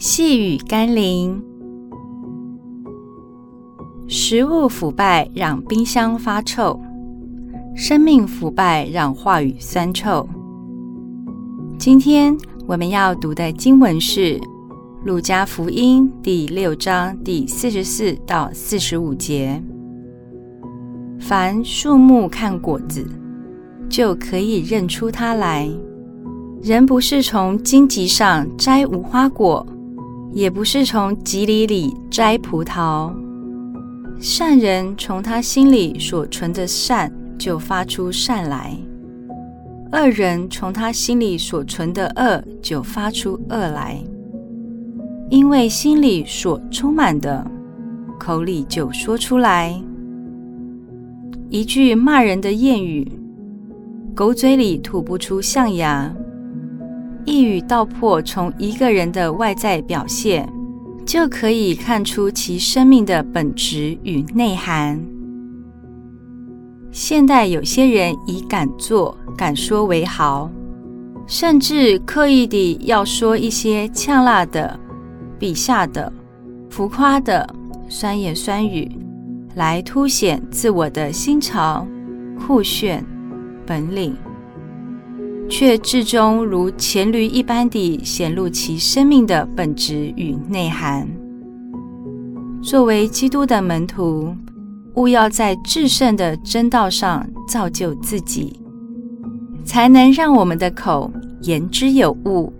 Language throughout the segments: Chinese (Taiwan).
細語甘霖，食物腐敗讓冰箱發臭，生命腐敗讓話語酸臭。今天我們要讀的經文是《路加福音》第六章第四十四到四十五節。凡樹木看果子，就可以認出它來。人不是從荊棘上摘無花果。也不是從蒺藜裡摘葡萄。善人從他心裡所存的善就發出善來，惡人從他心裡所存的惡就發出惡來，因為心裡所充滿的，口裡就說出來。一句罵人的諺語：“狗嘴裡吐不出象牙。”一語道破，從一個人的外在表現，就可以看出其生命的本質與內涵。現代有些人以敢做敢說為豪，甚至刻意地要說一些嗆辣的、鄙下的、浮誇的、酸言酸語，來凸顯自我的新潮、酷炫、本領。卻至終如黔驢一般地顯露其生命的本質與內涵。作為基督的門徒，務要在至聖的真道上造就自己，才能讓我們的口言之有物；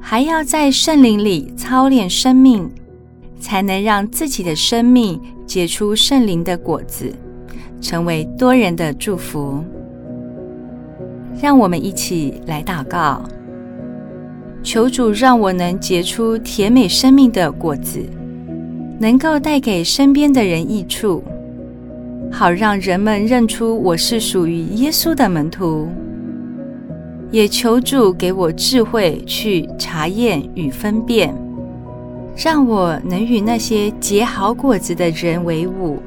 還要在聖靈裡操練生命，才能讓自己的生命結出聖靈的果子，成為多人的祝福。讓我們一起來禱告，求主讓我能結出甜美生命的果子，能夠帶給身邊的人益處，好讓人們認出我是屬於耶穌的門徒。也求主給我智慧去察驗與分辨，讓我能與那些結好果子的人為伍，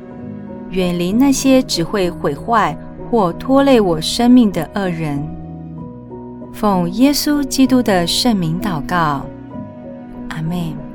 遠離那些只會毀壞。或拖累我生命的惡人，奉耶穌基督的聖名禱告，阿們！